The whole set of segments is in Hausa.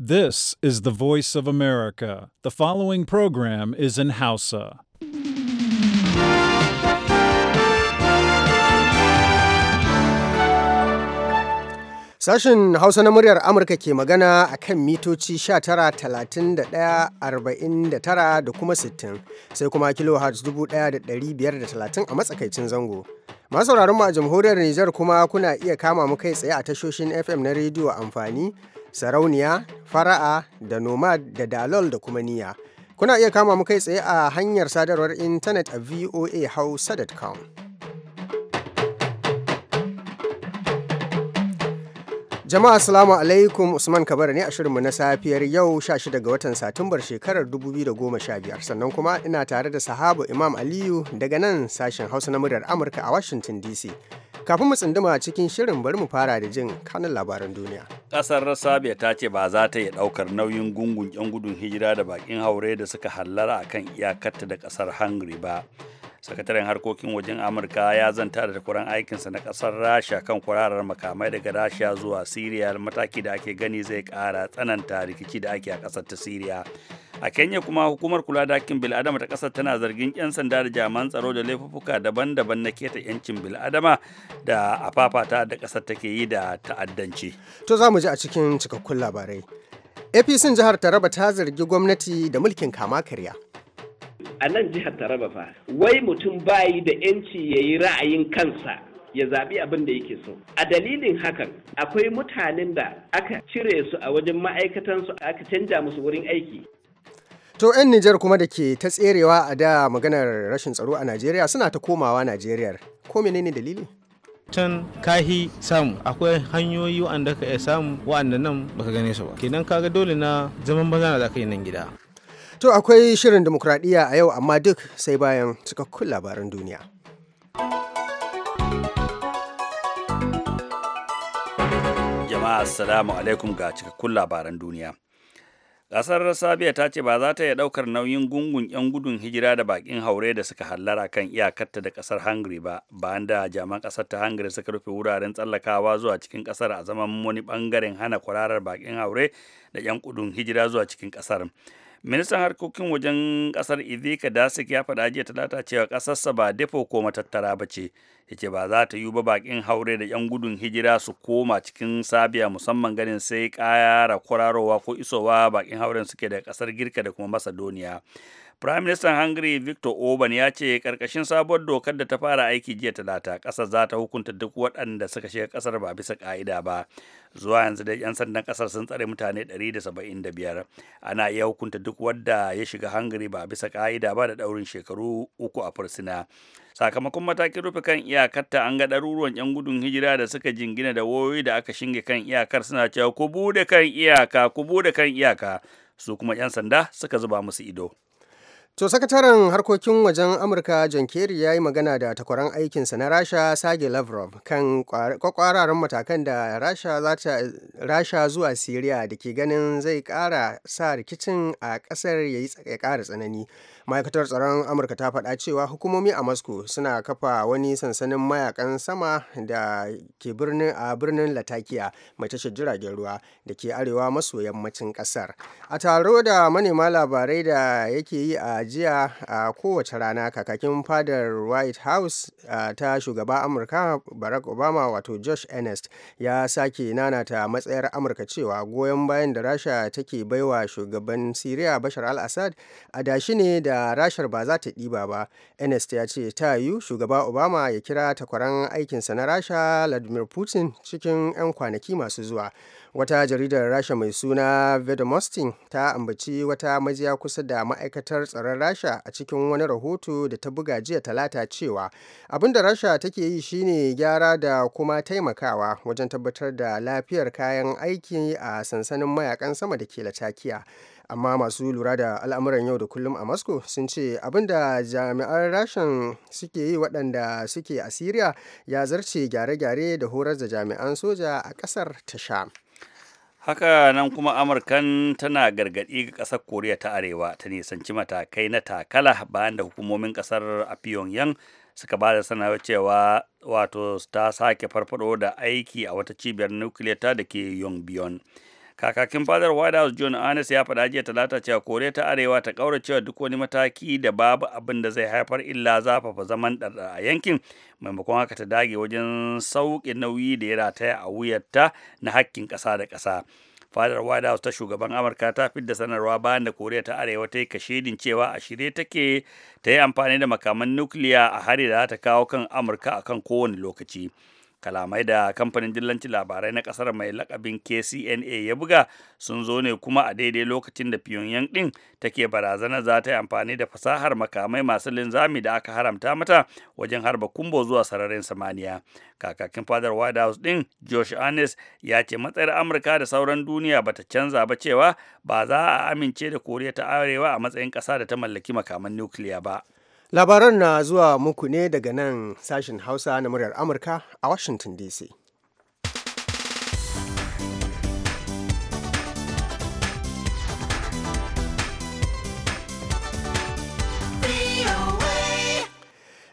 This is the voice of America. The following program is in Hausa. Sashen Hausa na muryar Amurka ke magana a kan mitoci 19,31,49 da kuma 60 sai kuma kilohertz 1,530 a matsakaicin zango. Masu mu a jamhuriyar Nijar kuma kuna iya kama mu kai tsaye a tashoshin FM na rediyo amfani sarauniya fara'a da nomad da dalol da kuma niya kuna iya kama mu kai tsaye a hanyar sadarwar intanet a voa Jama'a Assalamu alaikum Usman Kabara ne a shirinmu na safiyar yau 16 ga watan Satumbar shekarar 2015 sannan kuma ina tare da sahabu Imam Aliyu daga nan sashen Hausa na muryar Amurka a Washington DC. Kafin mu tsunduma cikin shirin bari mu fara da jin kanin labaran duniya. Kasar sabia ta ce ba za ta iya daukar nauyin gungun 'yan gudun hijira da bakin haure da suka hallara akan iyakarta da kasar Hungary ba. sakataren harkokin wajen amurka ya zanta da takwaran aikinsa na kasar rasha kan kwararar makamai daga rasha zuwa siriya mataki da ake gani zai kara tsananta rikici da ake a kasar ta siriya a kenya kuma hukumar kula da hakkin bil'adama ta kasar tana zargin 'yan sanda da jaman tsaro da laifuffuka daban-daban na keta 'yancin bil'adama da a fafata da kasar take yi da ta'addanci to za mu ji a cikin cikakkun labarai apc jihar taraba ta zargi gwamnati da mulkin kama karya a nan jihar taraba fa wai mutum bayi da yanci ya yi ra'ayin kansa ya zaɓi abin da yake so a dalilin hakan akwai mutanen da aka cire su a wajen ma'aikatansu aka canja musu wurin aiki To 'yan Nijar kuma da ke ta tserewa a da maganar rashin tsaro a Najeriya suna ta komawa Najeriya. Ko menene dalili? can kahi samu akwai hanyoyi wa'anda ka iya samu wa'anda nan baka gane su ba kenan kaga dole na zaman banza za ka yi nan gida To akwai shirin demokradiyya a yau amma duk sai bayan cikakkun labaran duniya. Jama'a assalamu alaikum ga cikakkun labaran duniya. Ƙasar Sabiya ta ce ba za ta iya ɗaukar nauyin gungun 'yan gudun hijira da baƙin haure da suka hallara kan iyakarta da ƙasar Hungary ba, bayan da jaman ƙasar ta Hungary suka rufe wuraren tsallakawa zuwa cikin ƙasar a zaman wani ɓangaren hana kwararar baƙin haure da 'yan gudun hijira zuwa cikin ƙasar. ministan harkokin wajen kasar izeka dasik ya faɗa jiya talata cewa ƙasarsa ba defo ko matattara ba ce yace ba za ta yi ba bakin haure da yan gudun hijira su koma cikin sabiya musamman ganin sai ƙara kwararowa ko isowa bakin hauren suke da ƙasar girka da kuma masadoniya Prime Minister Hungary Victor Orban ya ce karkashin sabuwar dokar da ta fara aiki jiya talata kasar za ta hukunta duk waɗanda suka shiga kasar ba bisa ka'ida ba. Zuwa yanzu da 'yan sandan ƙasar sun tsare mutane 175. Ana iya hukunta duk wadda ya shiga Hungary ba bisa ka'ida ba da ɗaurin shekaru uku a fursuna. Sakamakon matakin rufe kan iyakarta an ga ɗaruruwan 'yan gudun hijira da suka jingina da wayoyi da aka shinge kan iyakar suna cewa ku bude kan iyaka ku bude kan iyaka su kuma 'yan sanda suka zuba musu ido. To sakataren harkokin wajen Amurka John Kerry ya yi magana da takwaran aikinsa na Rasha Sage Lavrov kan kwakwararan matakan da Rasha zuwa Siriya da ke ganin zai ƙara sa rikicin a ƙasar ya ƙara tsanani. ma'aikatar tsaron amurka ta faɗa cewa hukumomi a moscow suna kafa wani sansanin mayakan sama da ke birnin a birnin latakiya mai tashar jiragen ruwa da ke arewa maso yammacin ƙasar a taro da manema labarai da yake yi a jiya a kowace rana kakakin fadar white house ta shugaba amurka barack obama wato josh ernest ya sake nanata matsayar amurka cewa goyon bayan da rasha take baiwa shugaban syria bashar al-assad adashi ne da rashar ba za ta ɗiba ba ernest ya ce ta yiwu shugaba obama ya kira takwaran aikinsa na rasha vladimir putin cikin 'yan kwanaki masu zuwa wata jaridar rasha mai suna vedomostin ta ambaci wata majiya kusa da ma'aikatar tsaron rasha a cikin wani rahoto da ta buga jiya talata cewa abin da rasha take yi shine gyara da kuma taimakawa wajen tabbatar da lafiyar kayan aiki a sansanin mayakan sama da ke latakiya amma masu lura da al'amuran yau da kullum a moscow sun ce abin da jami'an rashin suke yi waɗanda suke a syria ya zarce gyare-gyare da horar da jami'an soja a ƙasar ta sham haka nan kuma amurkan tana gargaɗi ga ƙasar koriya ta arewa ta nisanci matakai na takala bayan da hukumomin ƙasar a pyongyang suka ba da sanarwar cewa wato ta sake farfado da aiki a wata cibiyar nukiliya ta da ke yongbyon kakakin fadar white house john anis ya faɗa jiya talata cewa koriya ta arewa ta ƙaura cewa duk wani mataki da babu abin da zai haifar illa zafafa zaman ɗarɗar a yankin maimakon haka ta dage wajen sauƙi nauyi da ya rataya a wuyarta na hakkin ƙasa da ƙasa fadar white house ta shugaban amurka ta fidda sanarwa bayan da koriya ta arewa ta yi kashedin cewa a shirye take ta yi amfani da makaman nukiliya a hari da za ta kawo kan amurka a kan kowane lokaci kalamai da kamfanin dillancin labarai na kasar mai lakabin kcna ya buga sun zo ne kuma a daidai lokacin da pyongyang din take barazana za ta yi amfani da fasahar makamai masu linzami da aka haramta mata wajen harba kumbo zuwa sararin samaniya kakakin fadar white house din josh arnes ya ce matsayar amurka da sauran duniya bata canza ba cewa ba za a amince da koriya ta arewa a matsayin ƙasa da ta mallaki makaman nukiliya ba labaran na zuwa muku ne daga nan sashen hausa na muryar amurka a washington dc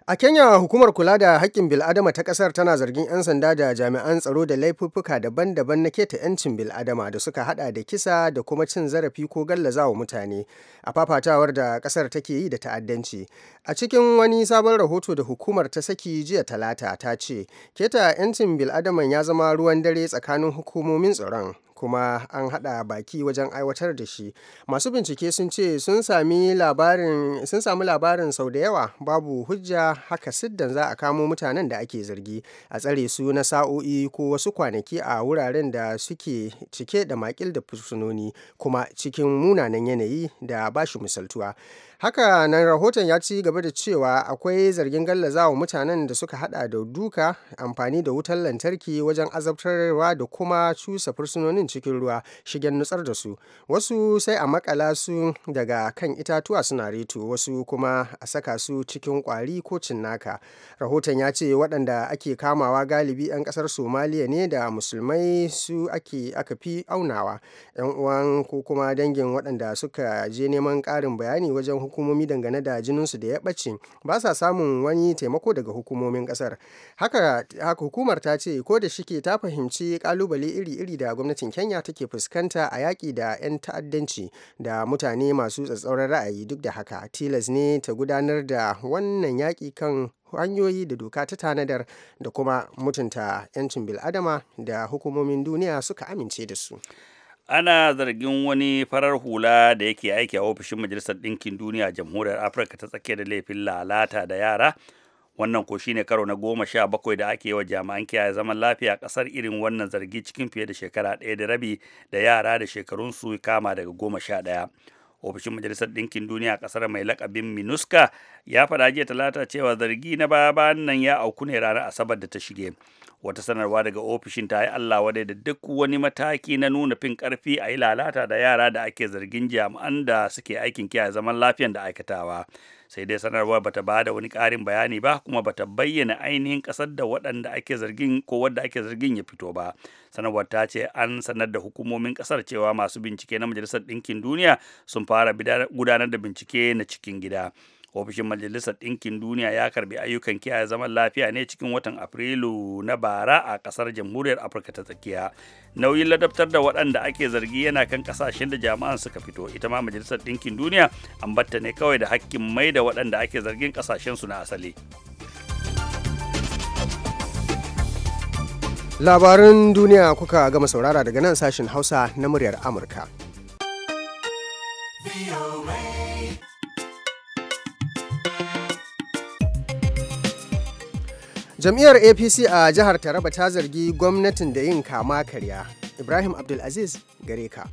A Kenya hukumar kula da haƙƙin bil'adama ta ƙasar tana zargin 'yan sanda da jami'an tsaro da laifuffuka daban-daban na keta 'yancin bil'adama da suka hada da kisa da kuma cin zarafi ko gallazawa mutane a fafatawar da ƙasar take yi da ta'addanci. A cikin wani sabon rahoto da hukumar ta saki jiya talata ta ce, keta 'yancin bil'adaman ya zama ruwan dare tsakanin hukumomin tsaron kuma an haɗa baki wajen aiwatar da shi masu bincike sun ce sun sami labarin sun sami labarin sau da yawa babu hujja haka siddan za a kamo mutanen da ake zargi a tsare su na sa'o'i ko wasu kwanaki a wuraren da suke cike da makil da fursunoni kuma cikin munanan yanayi da bashi misaltuwa haka nan rahoton ya ci gaba da cewa akwai zargin gallazawa mutanen da suka hada da duka amfani da wutar lantarki wajen azabtarwa da kuma cusa fursunonin cikin ruwa shigen nutsar da su wasu sai a makala su daga kan itatuwa suna reto wasu kuma a saka su cikin kwari ko cinnaka rahoton ya ce waɗanda ake kamawa galibi 'yan ƙasar somaliya ne da musulmai su ake aka fi aunawa 'yan uwan ko kuma dangin waɗanda suka je neman ƙarin bayani wajen hukumomi dangane da jininsu da ya ɓace ba sa samun wani taimako daga hukumomin ƙasar haka, hukumar ta ce ko da shike ta fahimci kalubale iri-iri da gwamnatin kenya take fuskanta a yaƙi da 'yan ta'addanci da mutane masu tsatsauran ra'ayi duk da haka tilas ne ta gudanar da wannan yaƙi kan hanyoyi da doka ta tanadar da kuma mutunta 'yancin bil'adama da hukumomin duniya suka amince da su. ana zargin wani farar hula da yake aiki a ofishin majalisar ɗinkin duniya jamhuriyar afirka ta tsakiya da laifin lalata da yara wannan ko shine karo na goma sha bakwai da ake yi wa jami'an kiyaye zaman lafiya ƙasar irin wannan zargi cikin fiye da shekara ɗaya da rabi da yara da shekarunsu kama daga goma sha ɗaya ofishin majalisar ɗinkin duniya a ƙasar mai lakabin minuska ya faɗa jiya talata cewa zargi na baya nan ya auku ne ranar asabar da ta shige wata sanarwa daga ofishin ta yi allah wadai da duk wani mataki na nuna fin ƙarfi a yi lalata da yara da ake zargin jami'an da suke aikin kiyaye zaman lafiyan da aikatawa sai dai sanarwar bata ba da wani ƙarin bayani ba kuma bata bayyana ainihin ƙasar da waɗanda ake zargin ko wadda ake zargin ya fito ba sanarwar ta ce an sanar da hukumomin ƙasar cewa masu bincike na majalisar ɗinkin duniya sun fara gudanar da bincike na cikin gida ofishin majalisar ɗinkin duniya ya karbi ayyukan kiyaye zaman lafiya ne cikin watan afrilu na bara a ƙasar jamhuriyar afirka ta tsakiya nauyin ladabtar da waɗanda ake zargi yana kan ƙasashen da jama'an suka fito ita ma majalisar ɗinkin duniya ambata ne kawai da hakkin mai da waɗanda ake zargin ƙasashen su na asali labaran duniya kuka gama saurara daga nan sashen hausa na muryar amurka jam'iyyar apc a jihar taraba ta zargi gwamnatin da yin kama karya ibrahim abdulaziz gare ka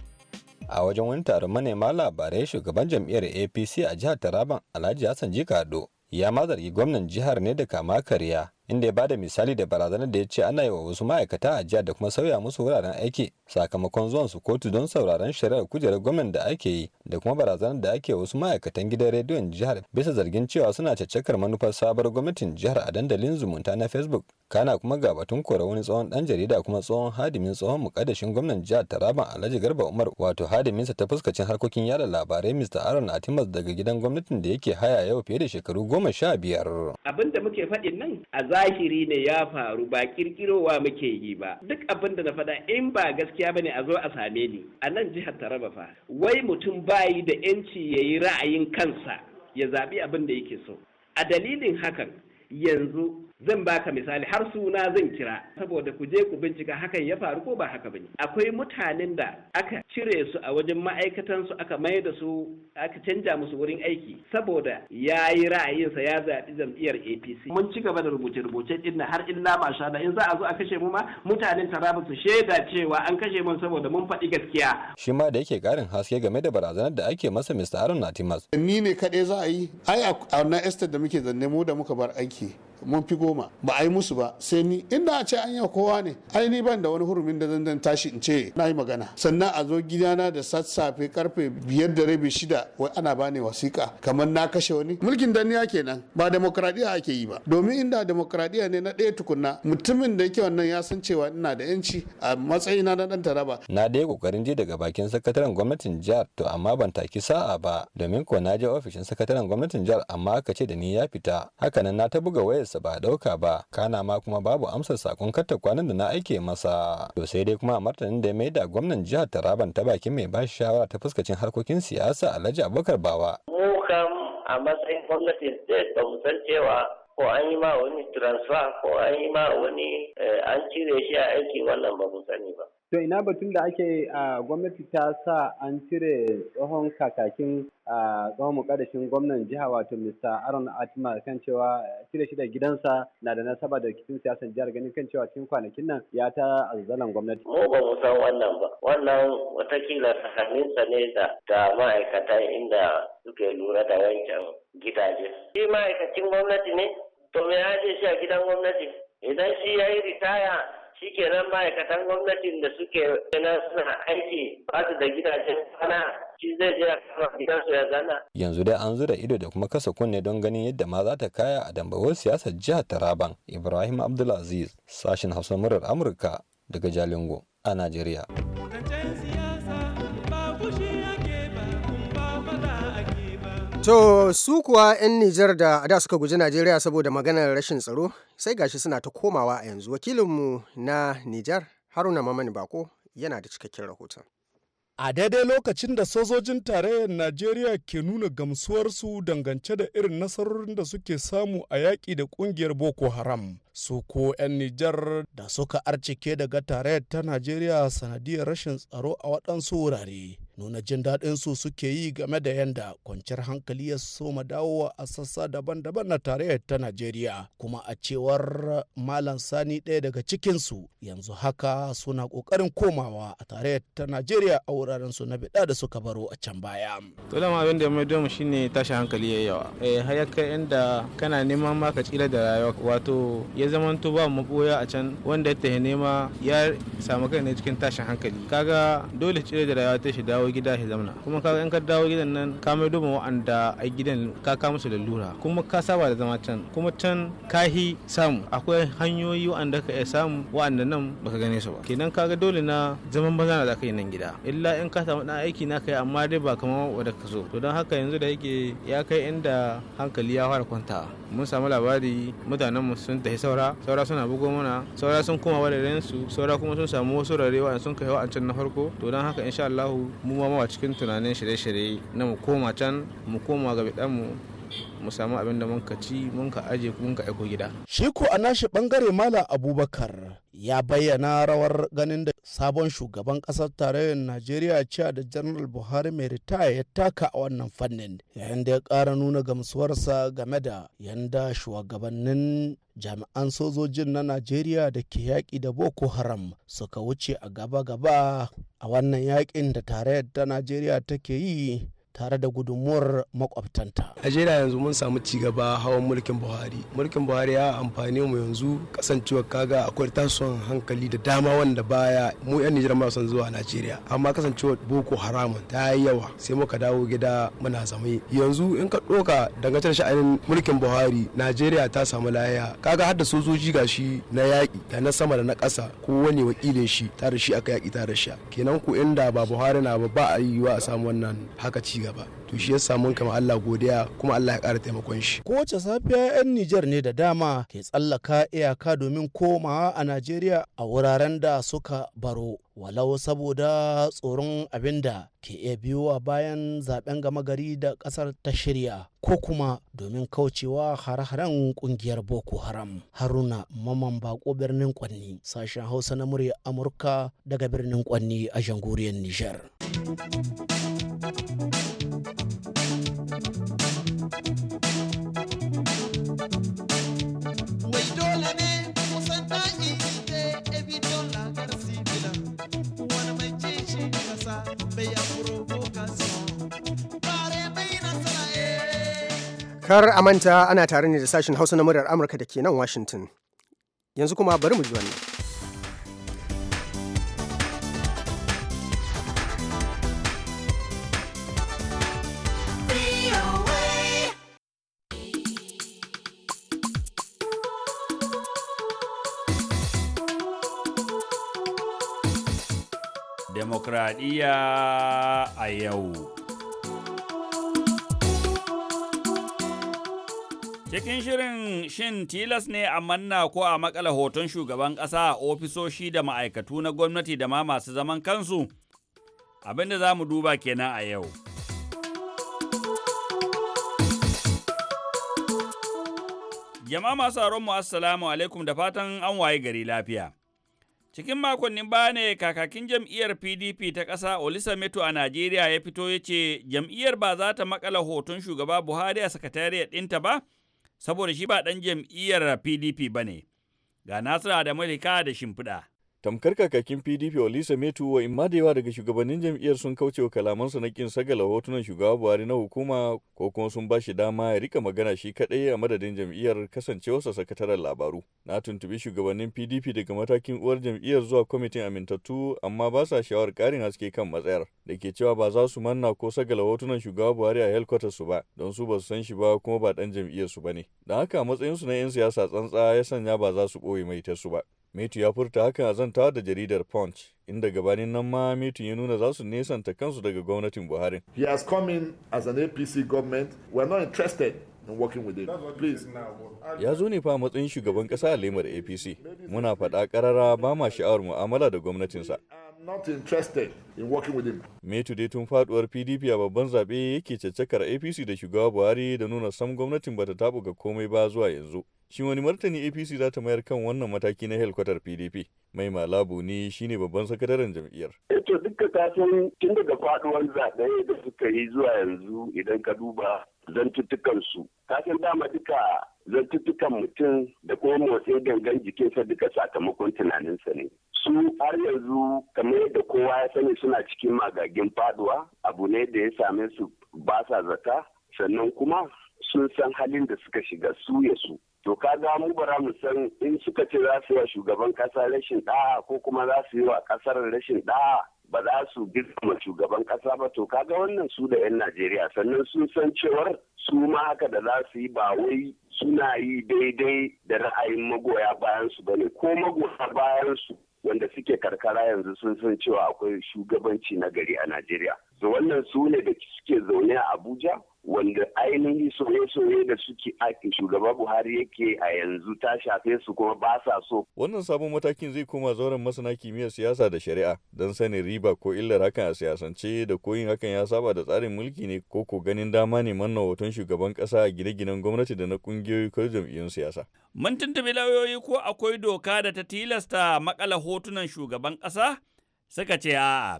a wajen wani taron manema labarai shugaban jam'iyyar apc a jihar taraban alhaji hassan jikado ya ma zargi gwamnan jihar ne da kama karya inda ya bada misali da barazanar da ya ce ana yi wa wasu ma'aikata ajiya da kuma sauya musu wuraren aiki sakamakon zuwan su kotu don sauraron shari'ar kujerar gwamnan da ake yi da kuma barazanar da ake wasu ma'aikatan gidan rediyon jihar bisa zargin cewa suna caccakar manufar sabar gwamnatin jihar a dandalin zumunta na facebook kana kuma ga batun kora wani tsohon dan jarida kuma tsohon hadimin tsohon mukaddashin gwamnan jihar taraban alhaji garba umar wato hadiminsa ta fuskacin harkokin yada labarai mr aaron atimas daga gidan gwamnatin da yake haya yau fiye da shekaru goma sha biyar abinda muke faɗin nan zahiri ne ya faru ba kirkirowa muke yi ba duk abin da na faɗa in ba gaskiya bane a zo a same ni a nan jihar taraba fa wai mutum bayi da yanci ya yi ra'ayin kansa ya zaɓi abin da yake so a dalilin hakan yanzu zan baka misali har suna zan kira saboda ku je ku bincika hakan ya faru ko ba haka bane akwai mutanen da aka cire su a wajen ma'aikatansu aka mai da su aka canja musu wurin aiki saboda ya yi ra'ayinsa ya zaɓi jam'iyyar APC mun ci gaba da rubuce-rubuce din har illa masha Allah in za a zo a kashe mu ma mutanen Taraba su shaida cewa an kashe mun saboda mun faɗi gaskiya shi ma da yake ƙarin haske game da barazanar da ake masa Mr. Harun Natimas ni ne kaɗai za a yi ai a na estate da muke zanne mu da muka bar aiki mun fi goma ba a yi musu ba sai ni inda a ce an yi kowa ne ai ni ban da wani hurumin da zan tashi in ce na yi magana sannan a zo gidana da sassafe karfe biyar da rabi shida wai ana bani wasiƙa kamar na kashe wani mulkin danniya kenan ba demokradiya ake yi ba domin inda demokradiya ne na ɗaya tukunna mutumin da yake wannan ya san cewa ina da yanci a matsayina na ɗan taraba na dai kokarin je daga bakin sakataren gwamnatin jihar to amma ban taki sa'a ba domin ko na je ofishin sakataren gwamnatin jihar amma aka ce da ni ya fita hakanan na ta buga wayar sa ba dauka ba kana ma kuma babu amsar sakon karta kwanan da na aike masa to sai dai kuma a martanin da ya mai da gwamnan jihar Taraban ta bakin mai bashi shawara ta fuskacin harkokin siyasa Alhaji Abubakar Bawa mu kam a matsayin gwamnati state ba mu san cewa ko an yi ma wani transfer ko an yi ma wani eh, an cire shi a aiki wannan ba mu sani ba To ina batun da ake a gwamnati ta sa an cire tsohon kakakin a tsohon mukaddashin gwamnan jiha wato Mr. Aaron Atima kan cewa cire shi da gidansa na da nasaba da rikicin siyasar jihar gani kan cewa cikin kwanakin nan ya ta azzalan gwamnati. Mu ba mu san wannan ba. Wannan watakila tsakaninsa ne da da ma'aikatan inda suke lura da wancan gidaje. Shi ma'aikacin gwamnati ne? To me ya je shi a gidan gwamnati? Idan shi ya yi ritaya shikenan ma'aikatan gwamnatin da suke nan suna aiki ba su da gidajen sana shi zai je a gidansu ya zana. yanzu dai an zura ido da kuma kasa kunne don ganin yadda ma za ta kaya a dambawar siyasar jihar taraban ibrahim abdulaziz sashen hausa murar amurka daga jalingo a najeriya. To su kuwa 'yan Nijar da da suka guji Najeriya saboda maganar rashin tsaro sai gashi suna ta komawa a yanzu wakilinmu na Nijar Haruna Mamani Bako yana da cikakken rahoton. A daidai lokacin da sojojin tarayyar Najeriya ke nuna gamsuwarsu dangance da irin nasarorin da suke samu a yaƙi da ƙungiyar Boko Haram, su ko 'yan Nijar da suka arcike daga tarayyar ta Najeriya sanadiyar rashin tsaro a waɗansu wurare. nuna jin daɗin su suke yi game da yadda kwanciyar hankali ya soma dawowa a sassa daban-daban na tarayyar ta Najeriya kuma a cewar Malam Sani ɗaya daga cikinsu yanzu haka suna ƙoƙarin komawa a tarayyar ta Najeriya a wuraren su na biɗa da suka baro a can baya. To da abin da mai domu shine tashi hankali ya yawa. Eh har ya kai inda kana neman ma ka tsira da rayuwa wato ya zamanto ba mu maboya a can wanda ya nema ya samu kai ne cikin tashin hankali. Kaga dole tsira da rayuwa ta shi dawo dawo gida ya kuma ka in ka dawo gidan nan ka mai duba wa'anda a gidan ka ka musu lalura kuma ka saba da zama can kuma can ka hi samu akwai hanyoyi wa'anda ka iya samu wa'anda nan baka gane su ba kenan ka ga dole na zaman banza na za ka yi nan gida illa in ka samu dan aiki na kai amma dai ba kamar wanda ka so to don haka yanzu da yake ya kai inda hankali ya fara kwanta. mun samu labari mutanen mu sun tafi saura saura suna bugo mana saura sun koma wadarin su saura kuma sun samu wasu rarewa sun kai can na farko to don haka insha Allah mu ma cikin tunanin shirye-shirye na mu koma can mu koma ga mu mu samu abin da muka ci muka aje muka aiko gida. Shi ko a nashi bangare Mala Abubakar ya bayyana rawar ganin da sabon shugaban kasar tarayyar Najeriya cewa da General Buhari mai ritaya ya taka a wannan fannin yayin da ya ƙara nuna gamsuwarsa game da yanda shugabannin jami'an sojojin na Najeriya da ke yaƙi da Boko Haram suka wuce a gaba-gaba a wannan yaƙin da tarayyar ta Najeriya take yi tare da gudunmuwar makwabtanta. Najeriya yanzu mun samu cigaba hawan mulkin Buhari. Mulkin Buhari ya amfani mu yanzu kasancewar kaga akwai tasowar hankali da dama wanda baya mu 'yan Nijar ma son zuwa Najeriya. Amma kasancewar Boko Haram ta yi yawa sai muka dawo gida muna zama Yanzu in ka ɗoka dangantar sha'anin mulkin Buhari Najeriya ta samu lahiya. Kaga har da sojoji gashi na yaƙi da na sama da na ƙasa kowane wakilin shi tare shi aka yaƙi tare shi. Kenan ku inda ba Buhari na ba ba a yi a samu wannan haka ci gaba to shi ya samu kama Allah godiya kuma Allah ya kara taimakon shi kowace safiya 'yan Nijar ne da dama ke tsallaka iyaka domin komawa a Najeriya a wuraren da suka baro walau saboda tsoron abin da ke iya biyowa bayan zaben gama gari da kasar ta shirya ko kuma domin kaucewa har haren kungiyar boko haram haruna maman bako birnin kwanni sashen hausa na murya amurka daga birnin kwanni a jangoriyar nijar Kar a manta ana tare ne da sashen Hausa na muryar Amurka da ke nan Washington. Yanzu kuma bari mu ji wannan. Demokradiyya a yau. Cikin shirin shin tilas ne a manna ko a makala hoton shugaban ƙasa a ofisoshi da ma'aikatu na gwamnati da ma masu zaman kansu? Abin da za mu duba kenan a yau. Jama'a masu aron mu assalamu alaikum da fatan an waye gari lafiya. Cikin makonnin baya ne kakakin jam'iyyar PDP ta ƙasa Olisametu a Najeriya ya fito ya ce jam'iyyar ba za ta makala hoton shugaba Buhari a sakatariyar ɗinta ba, saboda shi ba ɗan jam'iyyar PDP ba ne. Ga Nasiru Adamu da shimfiɗa. tamkar kakakin pdp olisa metu wa imma da yawa daga shugabannin jam'iyyar sun kaucewa kalamansa na kin sagala hotunan shugaba buhari na hukuma ko kuma sun ba shi dama ya rika magana shi kadai a madadin jam'iyyar kasancewarsa sakataren labaru na tuntubi shugabannin pdp daga matakin uwar jam'iyyar zuwa kwamitin amintattu amma ba sa shawar karin haske kan matsayar da ke cewa ba za su manna ko sagala hotunan shugaba buhari a helkwatar su ba don su ba su san shi ba kuma ba dan jam'iyyar su ba ne don haka matsayinsu na 'yan siyasa tsantsa ya sanya ba za su ɓoye mai ba Metu ya furta haka a zanta da jaridar Punch, inda gabanin nan ma Metu ya nuna za su nesanta kansu daga gwamnatin Buhari. He has come in as an APC government. We are not interested in working with him. Please. Ya zo ne fa matsayin shugaban kasa a lemar APC. Muna faɗa ƙarara ba ma sha'awar mu'amala da gwamnatinsa. not interested in working with him. dai tun faduwar PDP a babban zabe yake caccakar APC da shugaba Buhari da nuna sam gwamnatin bata tabu ga komai ba zuwa yanzu. shi wani martani APC za ta mayar kan wannan mataki na helkwatar PDP? Mai malabu ne shine babban sakataren jam'iyyar. Eto eh duka ka san tun daga faduwar zabe da suka yi zuwa yanzu idan ka duba zantuttukan su. Ka san dama duka zantuttukan mutum da kuma motsin gangan jikinsa duka sakamakon tunaninsa ne. su har yanzu kamar yadda kowa ya sani suna cikin magagin faduwa abu ne da ya same su ba sa zata sannan kuma sun san halin da suka shiga su ya su to kaga mu bara mu san in suka ce za su yi wa shugaban kasa rashin da'a ko kuma za su yi wa kasar rashin da'a ba za su girma shugaban kasa ba to kaga wannan su da 'yan najeriya sannan sun san cewar su ma haka da za su yi ba wai suna yi daidai da ra'ayin magoya bayan su bane ko magoya bayan su wanda suke karkara yanzu sun san cewa akwai shugabanci na gari a Najeriya. Da wannan su ne da suke zaune a Abuja wanda ainihin soye-soye da suke ake shugaba Buhari yake a yanzu ta shafe su kuma ba sa so. Wannan sabon matakin zai koma zauren masana kimiyyar siyasa da shari'a don sanin riba ko illar hakan a siyasance da koyin hakan ya saba da tsarin mulki ne ko ko ganin dama ne manna hoton shugaban kasa a gine-ginen gwamnati da na kungiyoyi ko jam'iyyun siyasa. Mun tuntubi lauyoyi ko akwai doka da ta tilasta makala hotunan shugaban kasa? Suka ce a'a.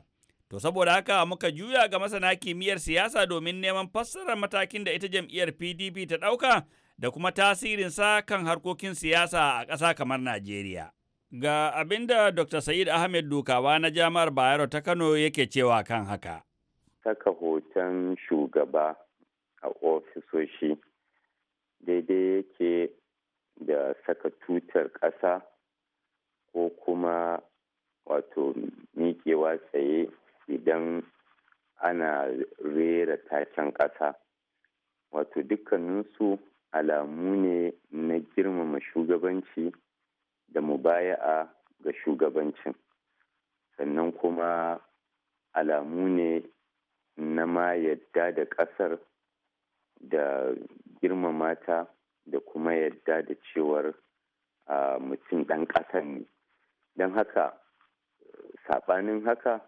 To saboda haka muka juya ga masana kimiyyar siyasa domin neman fassarar matakin da ita jam'iyyar PDP ta ɗauka da kuma tasirin sa kan harkokin siyasa a ƙasa kamar Najeriya. Ga abin da Dr. Sa'id Ahmed Dukawa na Jami'ar Bayero ta Kano yake cewa kan haka. Saka hoton shugaba a ofisoshi daidai yake da saka tutar ƙasa ko kuma wato miƙewa tsaye idan ana rera taken ƙasa wato dukkaninsu alamu ne na girmama shugabanci da mubaya'a ga shugabancin sannan kuma alamu ne na ma yadda da ƙasar da girmama ta da kuma yadda da cewar mutum ɗan ƙasar ne don haka saɓanin haka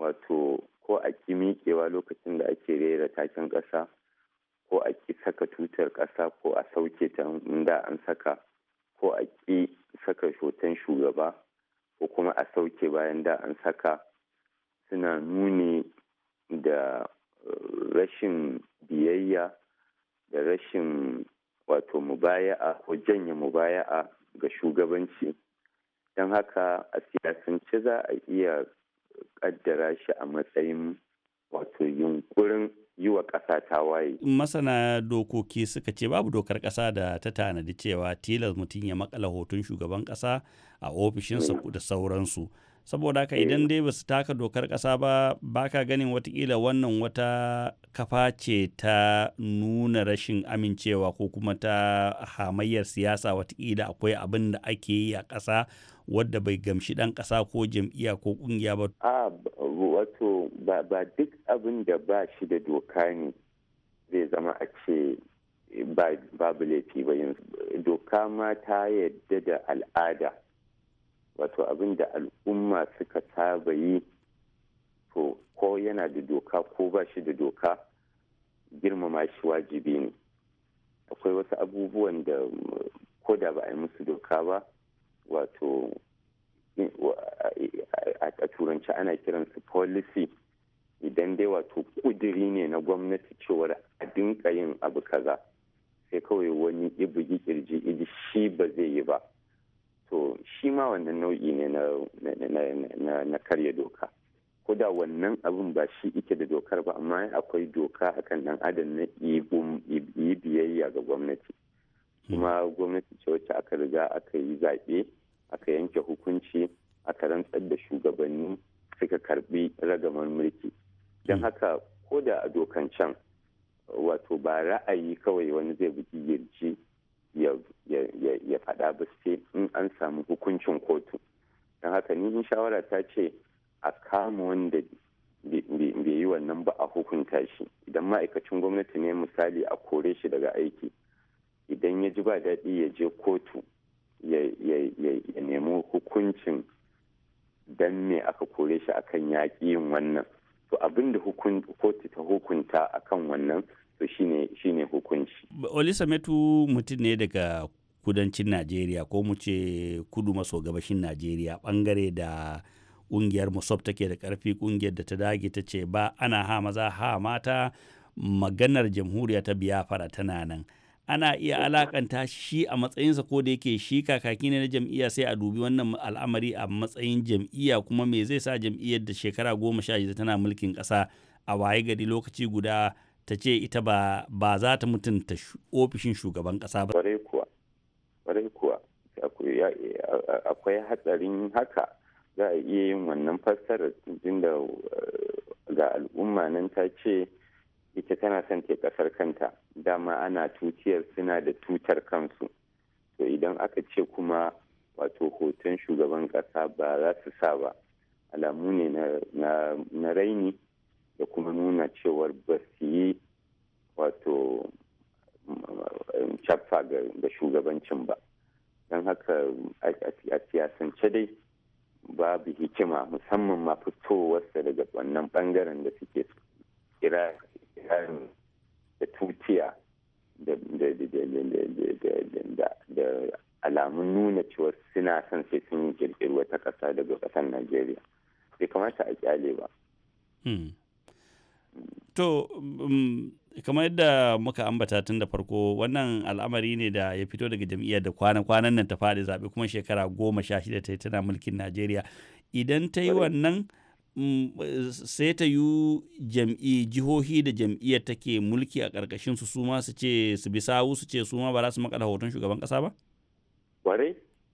wato ko a ki miƙewa lokacin da ake rera takin ƙasa ko a ki saka tutar ƙasa ko a sauke ta da an saka ko a ki saka hoton shugaba ko kuma a sauke bayan da an saka suna nuni da eh, rashin biyayya da rashin wato mubaya'a ko janye mubaya'a ga shugabanci don haka a siyasance za a iya kaddara shi a matsayin wato yunkurin yi wa ƙasa waye. Masana dokoki suka ce babu dokar ƙasa da ta tanadi cewa tilas mutum ya makala hoton shugaban ƙasa a ofishinsa mm. da sauransu. Saboda haka idan eh. dai ba su taka dokar ƙasa ba ba ka ganin watakila wannan wata kafa ce ta nuna rashin amincewa ko kuma ta hamayyar siyasa watakila akwai abin da ake yi a ƙasa wadda bai gamshi ɗan ƙasa ko jam'iyya ko ƙungiya ba. A wato ba duk abin da ba shi da doka ne zai zama a ce babu laifi ba doka ma ta yadda da al'ada wato abin da al'umma suka saba yi to ko yana da doka ko ba shi da doka girmama shi wajibi ne akwai wasu abubuwan da ko da ba a yi musu doka ba wato a turanci ana kiransu policy idan dai wato kudiri ne na gwamnati cewar a dinka yin abu kaza sai kawai wani ibugi kirji idi shi ba zai yi ba to shi ma wannan nau'i ne na karya doka ko da wannan abin ba shi ike da dokar ba amma akwai doka akan dan adam na yi biyayya ga gwamnati kuma gwamnati ce aka riga aka yi zaɓe aka yanke hukunci aka rantsar da shugabanni suka karbi ragamar mulki don hmm. haka ko da a dokan can wato ba ra'ayi kawai wani zai bugi girji ya faɗa ba sai in an samu hukuncin kotu don haka ni in shawara ta ce a kama wanda bai yi wannan ba a hukunta shi idan ma'aikacin gwamnati ne misali a kore shi daga aiki idan ya ji ba daɗi ya je kotu ya nemo hukuncin dan me aka kore shi akan yaƙi yin wannan to abin da kotu ta hukunta akan wannan to shine hukunci olisa metu mutum ne daga kudancin najeriya ko mu ce kudu maso gabashin najeriya bangare da kungiyar musop take da karfi ƙungiyar da ta dage ta ce ba ana ha maza ha mata maganar jamhuriya ta biyafara tana nan ana iya alakanta shi a matsayinsa ko da yake shi kakaki ne na jam'iyya sai a dubi wannan al'amari a matsayin jam'iyya kuma me zai sa jam'iyyar da shekara goma sha shida tana mulkin ƙasa a waye gari lokaci guda ta ce ita ba ba za ta mutunta ofishin shugaban ƙasa ba. kuwa akwai hatsarin haka za a iya yin wannan fassarar tun da eh, ga al'umma nan ta ce ita tana son ta kasar kanta dama ana tuciyar suna da tutar kansu to idan aka ce kuma wato hoton shugaban kasa ba za su sa ba alamu ne na raini da kuma nuna cewar ba su yi wato mm, cappa ga shugabancin ba don haka a siyasance dai babu hikima musamman ma fitowarsa daga wannan bangaren da suke su iran da turkiya da alamun nuna cewa suna son sai sun yi kirkiri wata ƙasa daga ƙasar najeriya bai kamata a kyale ba to kamar yadda muka ambata tun da farko wannan al'amari ne da ya fito daga jam'iyyar da kwana-kwanan nan ta faɗi zaɓe kuma shekara goma sha shida ta yi tana mulkin najeriya idan ta yi wannan Mm, sai ta yi jam'i jihohi da jam'iyyar take mulki a ƙarƙashin su su ma su ce su bi sawu su ce su ma ba za su makala hoton shugaban kasa ba? Ware,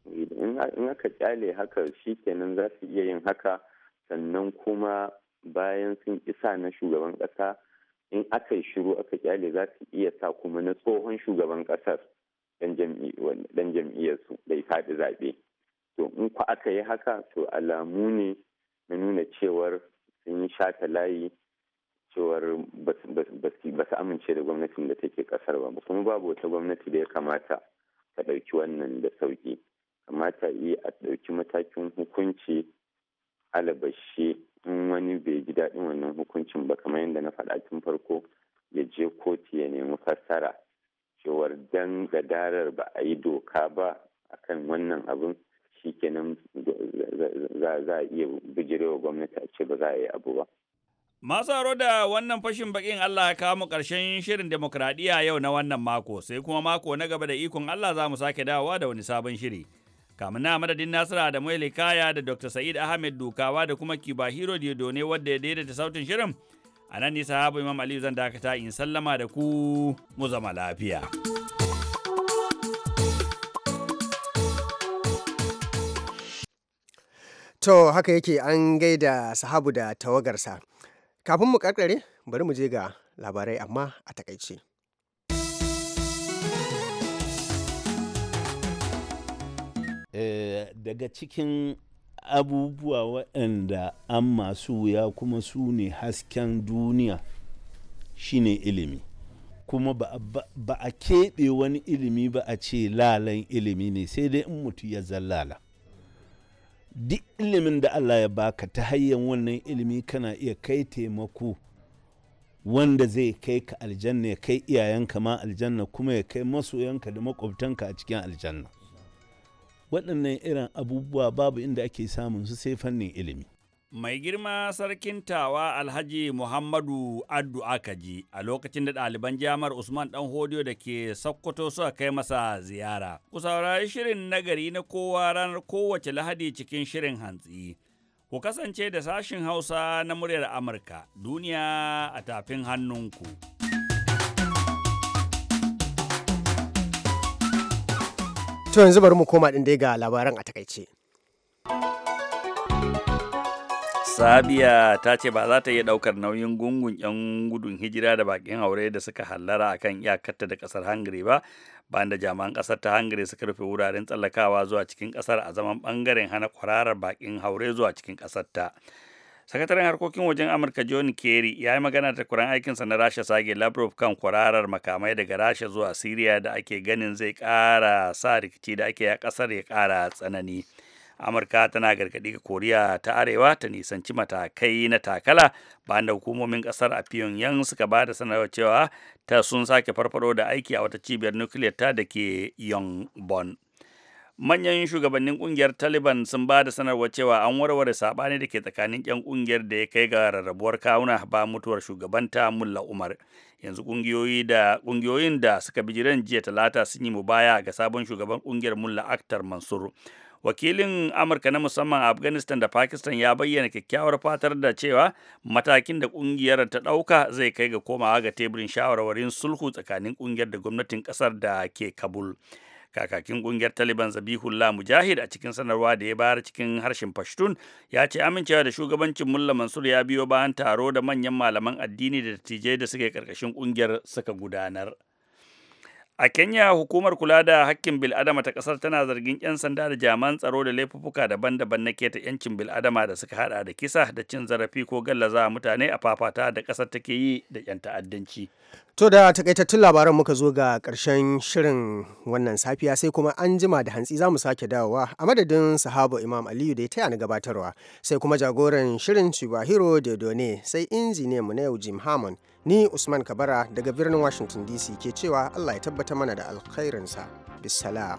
in aka kyale haka shi kenan za su iya yin haka sannan kuma bayan sun isa na shugaban ƙasa in aka yi shiru aka kyale za su iya sa kuma na tsohon shugaban ƙasar dan jam'iyyar su ya faɗi zaɓe. To in ku aka yi haka to alamu ne na nuna cewar sun yi shata layi cewar ba su amince da gwamnatin da take kasar ba kuma babu wata gwamnati da ya kamata ta ɗauki wannan da sauki kamata yi a ɗauki matakin hukunci alabashi in wani bai ji daɗin wannan hukuncin ba kamar yadda na faɗa tun farko ya je kotu ya nemi fassara cewar dan gadarar ba a yi doka ba akan wannan abin kenan za a iya bijirewa gwamnati a ce ba za a yi abu ba. Masu haro da wannan fashin bakin Allah ya kawo mu ƙarshen shirin demokradiyya yau na wannan mako sai kuma mako na gaba da ikon Allah za mu sake dawowa da wani sabon shiri. Kamun na madadin Nasira da Kaya da Dr. Sa'id Ahmed Dukawa da kuma Kiba Hiro Diodone wadda ya daidaita sautin shirin. A nan ne sahabu Imam Aliyu zan dakata in sallama da ku mu zama lafiya. To haka yake an gaida sahabu da tawagarsa. Kafin mu karkare bari mu je ga labarai amma a takaice. Eh, daga cikin abubuwa waɗanda an masu wuya kuma su ne hasken duniya shine ilimi kuma ba a keɓe wani ilimi ba a ce lalan ilimi ne sai dai in mutu ya zallala duk ilimin da Allah ya baka ta hanyar wannan ilimi kana iya kai taimako wanda zai kai ka aljanna ya kai iyayenka ma aljanna kuma ya kai masoyanka da makwabtanka a cikin aljanna waɗannan irin abubuwa babu inda ake samun su sai fannin ilimi mai girma sarkin tawa alhaji muhammadu addu akaji a lokacin da ɗaliban Jamar usman dan hodiyo da ke sokoto suka kai masa ziyara ku saurari shirin nagari na kowa ranar kowace lahadi cikin shirin hantsi ku kasance da sashin hausa na muryar amurka duniya a tafin hannunku to yanzu bari mu koma ɗin dai ga labaran a takaice Sabiya ta ce ba za ta iya daukar nauyin gungun 'yan gudun hijira da bakin haure da suka hallara akan iyakarta da kasar Hungary ba, bayan da jami'an kasar ta Hungary suka rufe wuraren tsallakawa zuwa cikin kasar a zaman bangaren hana kwararar bakin haure zuwa cikin kasar ta. Sakataren harkokin wajen Amurka John Kerry ya yi magana da kuran aikinsa na Rasha Sage Lavrov kan kwararar makamai daga Rasha zuwa syria da ake ganin zai kara sa rikici da ake ya kasar ya kara tsanani. amurka tana gargaɗi ga koriya ta arewa ta nisanci matakai na takala bayan da hukumomin ƙasar a pyongyang suka ba da sanarwar cewa ta sun sake farfado da aiki a wata cibiyar nukiliyar ta da ke yongbon manyan shugabannin kungiyar taliban sun ba da sanarwar cewa an warware sabani da ke tsakanin 'yan kungiyar da ya kai ga rarrabuwar kawuna ba mutuwar shugabanta mulla umar yanzu kungiyoyi da kungiyoyin da suka bi jiran jiya talata sun yi baya ga sabon shugaban kungiyar mulla aktar mansur wakilin amurka na musamman a afghanistan da pakistan ya bayyana kyakkyawar fatar da cewa matakin da kungiyar ta ɗauka zai kai ga komawa ga teburin shawarwarin sulhu tsakanin kungiyar da gwamnatin kasar da ke kabul kakakin kungiyar taliban zabihullah mujahid a cikin sanarwa da ya bayar cikin harshen pashtun ya ce amincewa da shugabancin mulla mansur ya biyo bayan taro da manyan malaman addini da dattijai da suke karkashin kungiyar suka gudanar A Kenya hukumar kula da hakkin bil'adama ta kasar tana zargin 'yan sanda da jaman tsaro da laifuffuka daban-daban na keta 'yancin bil'adama da suka hada da kisa da cin zarafi ko gallaza mutane a fafata da kasar take yi da 'yan ta'addanci. To da takaitattun labaran muka zo ga karshen shirin wannan safiya sai kuma an jima da hantsi za mu sake dawowa a madadin sahaba Imam Aliyu da ya taya ni gabatarwa sai kuma jagoran shirin da Dedone sai injiniyan mu na yau Jim Hammond. ni usman kabara daga birnin washington dc ke cewa allah ya tabbata mana da alkhairinsa bisalam